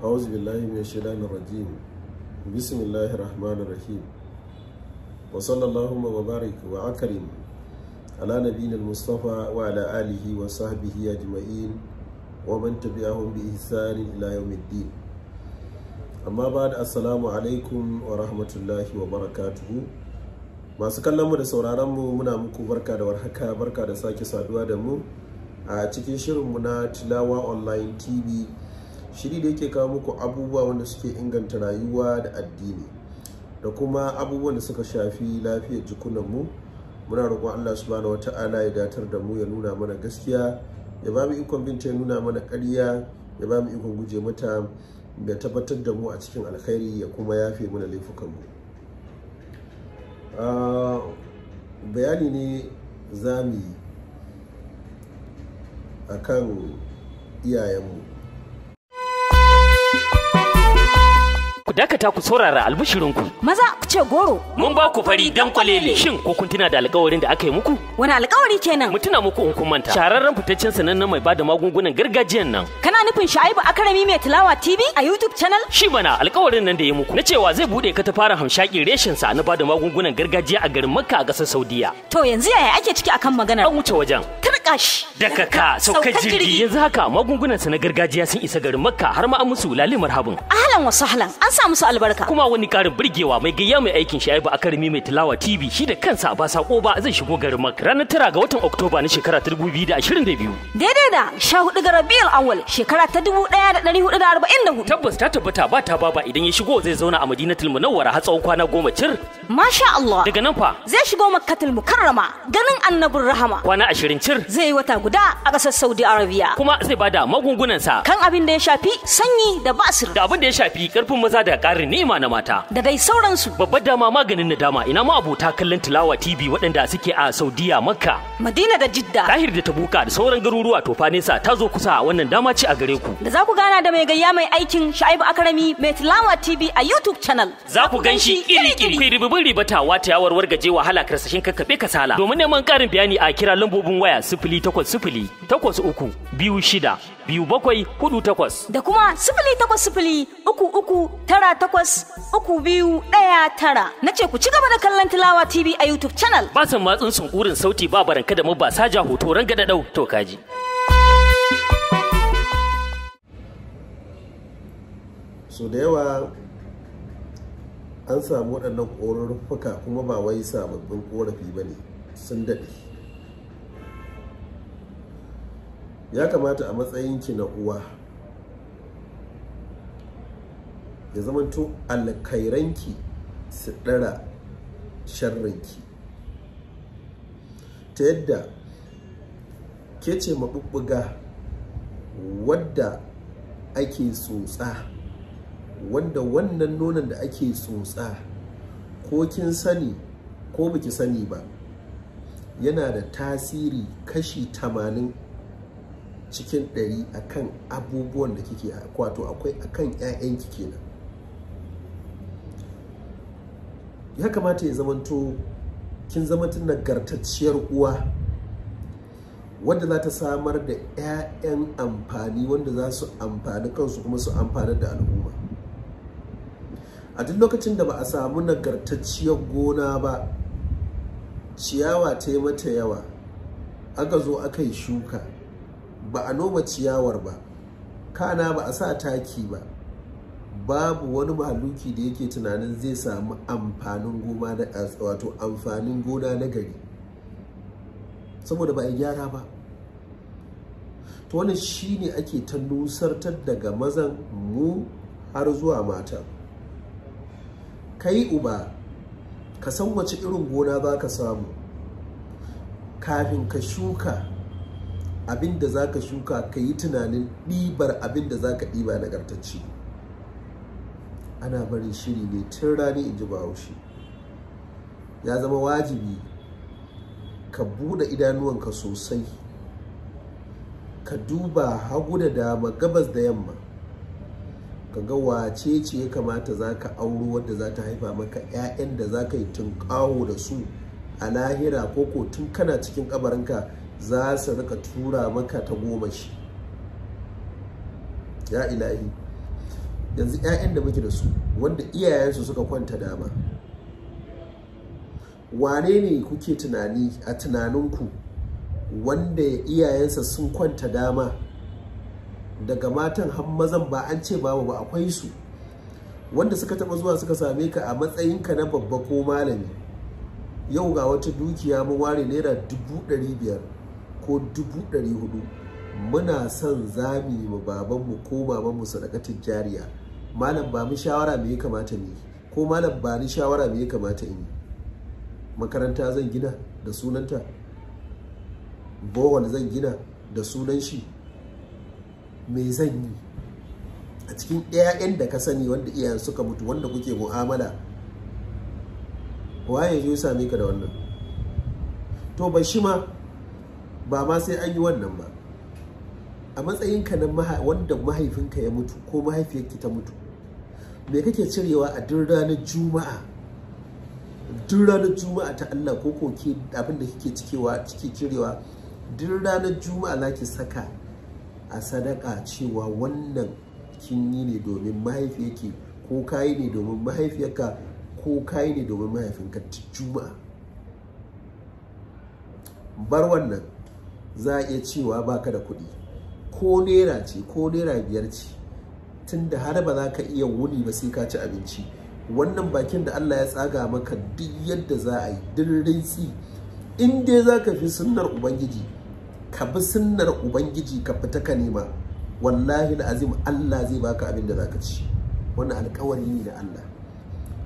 أعوذ بالله من الشيطان الرجيم بسم الله الرحمن الرحيم وصلى اللهم وبارك وأكرم على نبينا المصطفى وعلى آله وصحبه أجمعين ومن تبعهم بإحسان إلى يوم الدين amma ba da assalamu alaikum wa rahmatullahi wa barakatu'. masu mu da mu muna muku barka da warhaka barka da sake saduwa da mu a cikin shirinmu na tilawa online tv shiri da yake kawo muku abubuwa wanda suke inganta rayuwa da addini da kuma abubuwan da suka shafi lafiyar jikunanmu muna roƙon Allah su subhanahu ala ya datar da mu ya nuna mana gaskiya ya ba mu ikon binta ya nuna mana ƙarya ya ba mu ikon guje mata ya tabbatar da mu a cikin alkhairi ya kuma yafe mana laifukan mu. Ah, bayani ne za mu yi akan iyayenmu dakata ku saurara ku. Maza ku ce goro. Mun ba ku fari dan kwalele. Shin ko kun tuna da alƙawarin da aka yi muku? Wani alƙawari kenan? Mu tuna muku in kun manta. Shahararren fitaccen sanannen mai bada magungunan gargajiyan nan. Kana nufin Sha'ibu Akarami mai tilawa TV a YouTube channel? Shi bana alƙawarin nan da ya muku. Na cewa zai bude ka ta fara hamshakin reshen sa na bada magungunan gargajiya a garin Makka a ƙasar Saudiya. To yanzu yaya ake ciki akan maganar? An wuce wajen. Tarka shi. ka sauka jirgi. Yanzu haka magungunan sa na gargajiya sun isa garin Makka har ma an musu lalimar habun. Ahlan wa sahlan. An samu musu albarka kuma wani karin burgewa mai gayya mai aikin shi ba akarmi mai tilawa TV shi da kansa ba sako ba zai shigo garin Mak ranar tara ga watan Oktoba na shekara ta 2022 daidai da sha hudu ga Rabiul Awwal shekara ta 1444 tabbas ta tabbata ba ta baba idan ya shigo zai zauna a Madinatul Munawwara har tsawon kwana goma cir masha Allah daga nan fa zai shigo Makkatul Mukarrama ganin annabin rahama kwana ashirin cir zai yi wata guda a kasar Saudi Arabia kuma zai bada magungunansa kan abin da ya shafi sanyi da basir da abin da ya shafi karfin maza da da ƙarin nema na mata. Da dai sauransu. Babbar dama maganin nadama ina ma abota kallon tilawa TV waɗanda suke a Saudiya Makka. Madina da Jidda. Tahir da Tabuka da sauran garuruwa to fa nesa ta zo kusa wannan dama ce a gare ku. Da za ku gana da mai gayya mai aikin Sha'ibu Akarami mai tilawa TV a YouTube channel. Za ku gan shi iri-iri. Kai ribibin ribatawa ta yawar wargaje wahala karsashin kakkaɓe kasala. Domin neman ƙarin bayani a kira lambobin waya sifili takwas sifili takwas uku biyu shida biyu bakwai hudu takwas. Da kuma sifili takwas sifili uku uku tara takwas uku biyu ɗaya tara. Na ce ku ci gaba da kallon Tilawa TV a YouTube channel. Ba san matsin sunkurin sauti ba baranka da mu ba ja hoto ranga da ɗau to kaji. So da yawa an samu waɗannan ƙorurruka kuma ba wai sababbin ƙorafi ba ne sun daɗe. ya kamata a ki na uwa ya zama zamanto alkairanki su ɗara sharrinki ta yadda ke ce maɓuɓɓuga wadda ake tsotsa wanda wannan nonon da ake tsotsa ko kin sani ko baki sani ba yana da tasiri kashi tamanin cikin ɗari akan abubuwan da kike kwato akwai akan 'ya'yanki kenan ya kamata ya zamanto kin zama tun nagartacciyar uwa wadda za ta samar da 'ya'yan amfani wanda za su amfani kansu kuma su amfani da al'umma a duk lokacin da ba a samu nagartacciyar gona ba ciyawa ta yi mata yawa aka zo aka yi shuka ba a noma ciyawar ba kana ba a sa taki ba babu wani mahaluki da yake tunanin zai samu amfanin goma na wato amfanin gona na gari saboda ba a gyara ba to shi ne ake ta nusartar daga mazan mu har zuwa mata kai uba ka san wace irin gona za ka samu kafin ka shuka abin da za ka shuka ka yi tunanin ɗibar abin da za ka ɗiba nagartacce ana barin shiri ne tun rani in ji bahaushe ya zama wajibi ka buɗe idanuwanka sosai ka duba hagu da dama gabas da yamma ka ga wace ce ya kamata za ka auro wadda za ta haifa maka 'ya'yan da za ka yi tunƙawo da su a lahira ko ko tun kana cikin kabarinka za su rika tura maka ta goma shi ya ilahi yanzu 'ya'yan da muke da su wanda iyayensu suka kwanta dama wane ne kuke tunani a tunaninku wanda iyayensa sun kwanta dama daga matan har ba an ce babu ba akwai su wanda suka taba zuwa suka same ka a matsayinka na babba ko malami yau ga wata dukiya mu ware naira dubu ɗari biyar ko dubu ɗari hudu muna son za mu yi babanmu ko babanmu sadakatin jariya malam ba mu shawara me ya kamata ne yi ko malam ba ni shawara me ya kamata in yi makaranta zan gina da sunanta bowl zan gina da sunan shi me zan yi a cikin 'ya'yan da ka sani wanda iyayen suka mutu wanda kuke mu'amala waye yi same ka da wannan to ba shi ma ba ma sai an yi wannan ba a matsayinka na wanda mahaifinka ya mutu ko mahaifiyarki ta mutu me kake cirewa a duk ranar juma'a duk ranar juma'a ta Allah ko ko ke abin da kike cikewa kike cirewa duk ranar juma'a zaki saka a sadaka cewa wannan kin yi ne domin mahaifiyarki ko kayi ne domin mahaifiyarka ko kayi ne domin mahaifinka juma'a bar wannan za a iya cewa baka da kuɗi ko naira ce ko naira biyar ce tunda har ba za ka iya wuni ba sai ka ci abinci wannan bakin da Allah ya tsaga maka duk yadda za a yi duk rintsi in dai za ka fi sunnar ubangiji ka bi sunnar ubangiji ka fita ka nema wallahi azim Allah zai baka abin da za ka ci wannan alkawari ne da Allah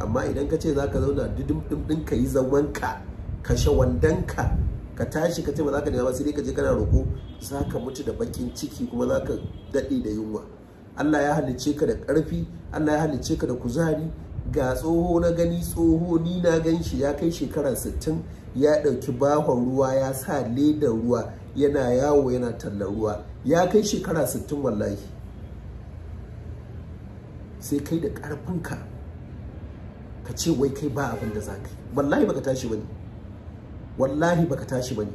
amma idan ka ce za ka zauna duk ɗin ka yi zawanka, ka sha wandanka ka tashi ka ce ba za ka nema sai ka je kana roƙo za ka mutu da bakin ciki kuma za ka daɗe da yunwa Allah ya halicce ka da ƙarfi Allah ya halicce ka da kuzari ga tsoho na gani tsoho ni na gan shi ya kai shekara 60 ya ɗauki bahon ruwa ya sa leda ruwa yana yawo yana tallar ruwa ya kai shekara 60 wallahi sai kai da ƙarfinka ka ce wai kai ba abin da za ka yi wallahi baka tashi ba wallahi baka tashi bane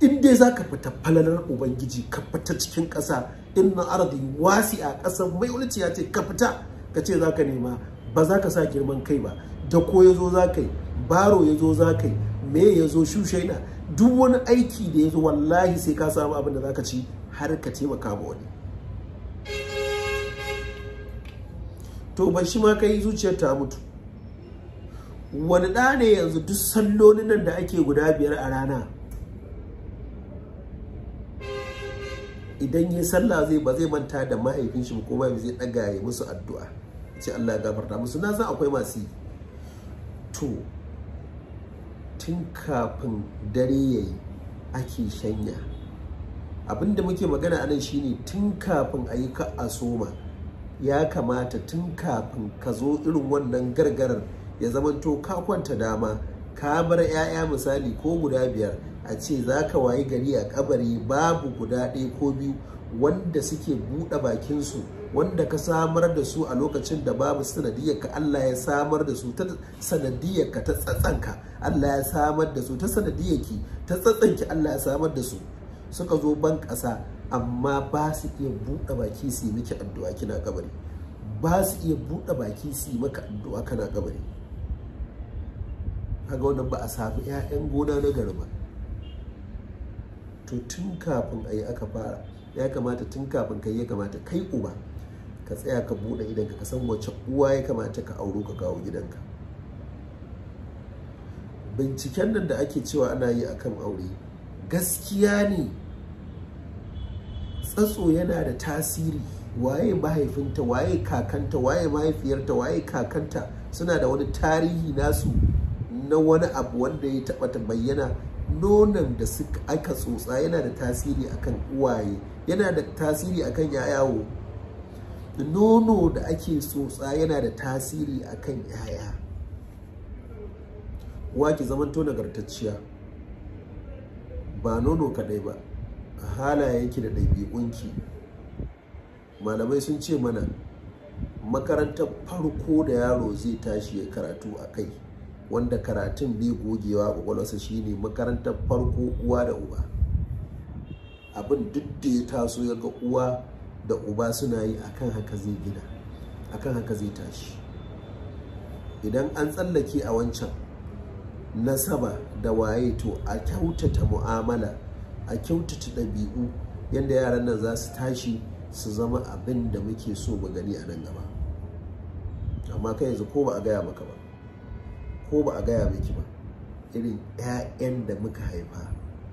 in dai zaka fita falalar ubangiji ka fita cikin ƙasa inna ardi wasi'a ƙasar mai ulci ya ce ka fita ka ce zaka nema ba za ka sa girman kai ba da ko ya zo za ka yi baro ya zo za ka yi me ya zo shushaina duk wani aiki da ya zo wallahi sai ka samu abin da za ka ci har ka taimaka ba wani to ban shi ma kai zuciyar ta mutu wani ɗa ne yanzu duk sallolin nan da ake guda biyar a rana idan yi sallah zai ba zai manta da mahaifin shi ko mahaifi zai ɗaga ya musu addu'a ce Allah ya gafarta musu na san akwai masu yi to tun kafin dare yayi ake shanya abinda muke magana anan shine tun kafin a yi ka a soma ya kamata tun kafin ka zo irin wannan gargarar ya zamanto ka kwanta dama ka bar 'ya'ya misali ko guda biyar a ce za ka wayi gari a kabari babu guda ɗaya ko biyu wanda suke buɗe bakinsu wanda ka samar da su a lokacin da babu sanadiyar ka Allah ya samar da su ta sanadiyar ka ta tsatsanka Allah ya samar da su ta sanadiyar ki ta tsatsanki Allah ya samar da su suka zo ban ƙasa amma ba su iya buɗe baki su yi miki addu'a kina kabari ba su iya buɗe baki su yi maka addu'a kana kabari kaga wannan ba a samu 'ya'yan gona na gari ba to tun kafin a yi aka fara ya kamata tun kafin kai ya kamata kai uba ka tsaya ka buɗe idan ka san wace uwa ya kamata ka auro ka kawo gidanka binciken nan da ake cewa ana yi akan aure gaskiya ne tsatso yana da tasiri waye mahaifinta waye kakanta waye mahaifiyarta waye kakanta suna da wani tarihi nasu na wani abu wanda ya taɓa ta bayyana nonon da suka aka tsotsa yana da tasiri akan uwaye yana da tasiri akan yayawo nono da ake tsotsa yana da tasiri akan yaya uwa ki zamanto nagartacciya ba nono kaɗai ba halayenki da ɗabi'unki malamai sun ce mana makarantar farko da yaro zai tashi ya karatu a kai wanda karatun bai gogewa kwakwalwarsa shine makarantar farko uwa da uba abin duk da ya taso ya ga uwa da uba suna yi akan haka zai gina akan haka zai tashi idan an tsallake a wancan nasaba da waye to a kyautata mu'amala a kyautata ɗabi'u yadda yaran nan za su tashi su zama abin da muke so mu gani a nan gaba amma kai yanzu ko ba a gaya maka ba ko ba a gaya miki ba irin 'ya'yan da muka haifa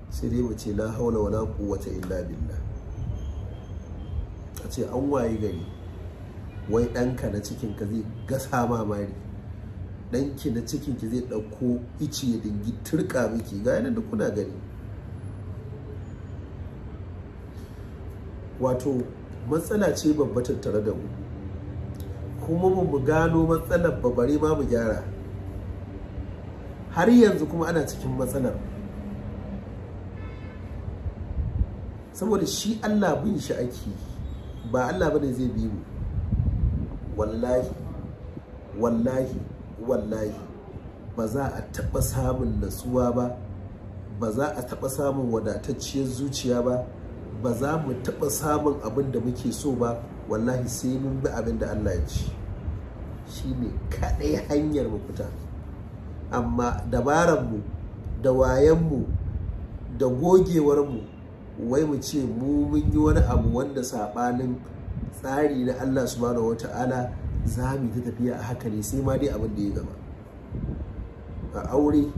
sai dai mu ce la haula wala quwwata illa billah a ce an waye gari wai ɗanka na cikin ka zai gasa mamari ɗanki na cikin ki zai ɗauko ice ya dingi turka miki ga yanar da kuna gani wato matsala ce babba tattare da mu kuma mu gano matsalar babare ma mu gyara har yanzu kuma ana cikin matsalar saboda shi Allah bin shi ake ba Allah bane zai bi mu wallahi wallahi wallahi ba za a taɓa samun nasuwa ba ba za a taɓa samun wadatacciyar zuciya ba ba za mu taɓa samun abin da muke so ba wallahi sai mun bi abin da Allah ya ci shi ne kaɗai hanyar mu fita. amma dabaran mu da wayan mu da gogewarmu wai mu ce mu mun yi wani abu wanda saɓanin tsari na Allah subhanahu Ta'ala za mu ta tafiya a haka ne sai ma dai abin da ya gaba a aure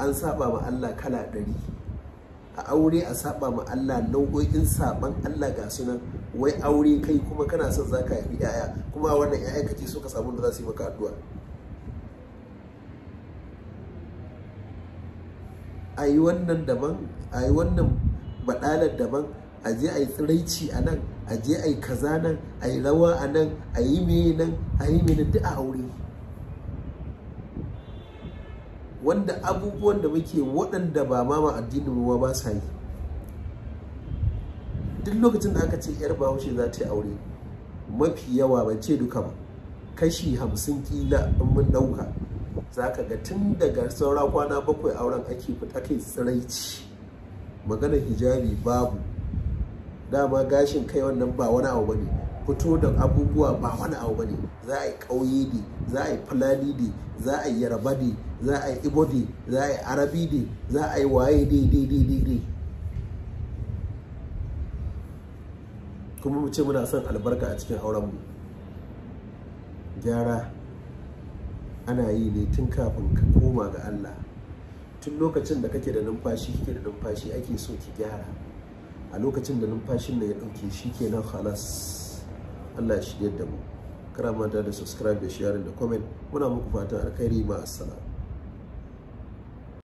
an saba ma Allah kala ɗari a aure a saba ma Allah nau'o'in saban Allah ga sunan wai aure kai kuma kana son zaka yi yaya kuma wannan yaya kace so ka samu da za su yi maka addu'a a yi wannan daban a yi wannan baɗalar daban a je a yi tsiraici a nan a je a yi kaza nan a yi rawa a nan a yi mai nan a yi nan duk a aure wanda abubuwan da muke waɗanda ba ma addinin ruwa ba sa yi duk lokacin da aka ce yar bahaushe za ta yi aure mafi yawa ban ce duka ba kashi hamsin kila in mun ɗauka za ka ga tun daga saura kwana bakwai auren ake fita kai tsiraici magana hijabi babu dama gashin kai wannan ba wani abu bane fito da abubuwa ba wani abu bane za a yi ƙauye ne za a yi fulani ne za a yi yaraba ne za a yi ibo ne za a yi arabi ne za a yi waye ne ne ne ne ne kuma mu ce muna son albarka a cikin auren mu gyara ana yi ne tun kafin ka koma ga Allah tun lokacin da kake da numfashi kike da numfashi ake so ki gyara a lokacin da numfashin da ya ɗauke shi ke nan halas Allah shi yadda mu kara manta da subscribe da sharing da comment muna muku fatan alkhairi ma assalamu